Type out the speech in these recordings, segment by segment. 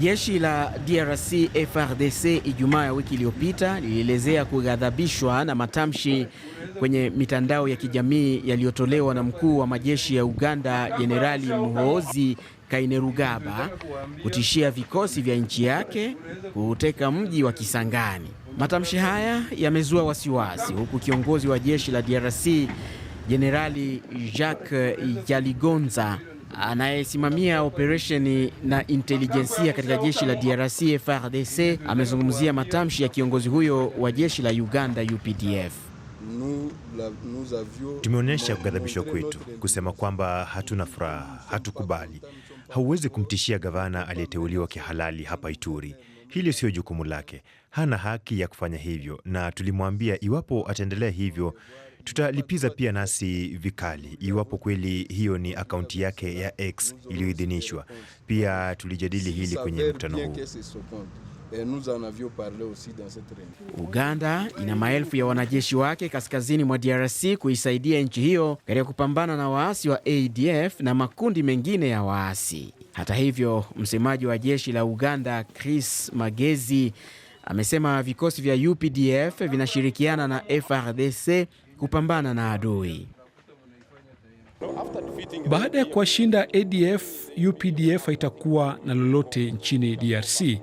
Jeshi la DRC frdc Ijumaa ya wiki iliyopita lilielezea kughadhabishwa na matamshi kwenye mitandao ya kijamii yaliyotolewa na mkuu wa majeshi ya Uganda Jenerali Muhoozi Kainerugaba kutishia vikosi vya nchi yake kuuteka mji wa Kisangani. Matamshi haya yamezua wasiwasi huku kiongozi wa jeshi la DRC Jenerali Jacques Jaligonza anayesimamia operesheni na intelijensia katika jeshi la DRC frdc amezungumzia matamshi ya kiongozi huyo wa jeshi la Uganda UPDF. Tumeonyesha kughadhabishwa kwetu, kusema kwamba hatuna furaha, hatukubali. Hauwezi kumtishia gavana aliyeteuliwa kihalali hapa Ituri. Hili sio jukumu lake, hana haki ya kufanya hivyo, na tulimwambia iwapo ataendelea hivyo tutalipiza pia nasi vikali, iwapo kweli hiyo ni akaunti yake ya X iliyoidhinishwa. Pia tulijadili hili kwenye mkutano huu. Eh, Uganda ina maelfu ya wanajeshi wake kaskazini mwa DRC kuisaidia nchi hiyo katika kupambana na waasi wa ADF na makundi mengine ya waasi. Hata hivyo, msemaji wa jeshi la Uganda Chris Magezi amesema vikosi vya UPDF vinashirikiana na frdc kupambana na adui. Baada ya kuwashinda ADF, UPDF haitakuwa na lolote nchini DRC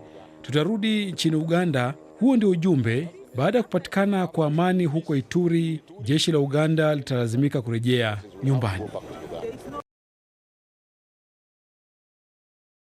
tutarudi nchini Uganda. Huo ndio ujumbe. Baada ya kupatikana kwa amani huko Ituri, jeshi la Uganda litalazimika kurejea nyumbani.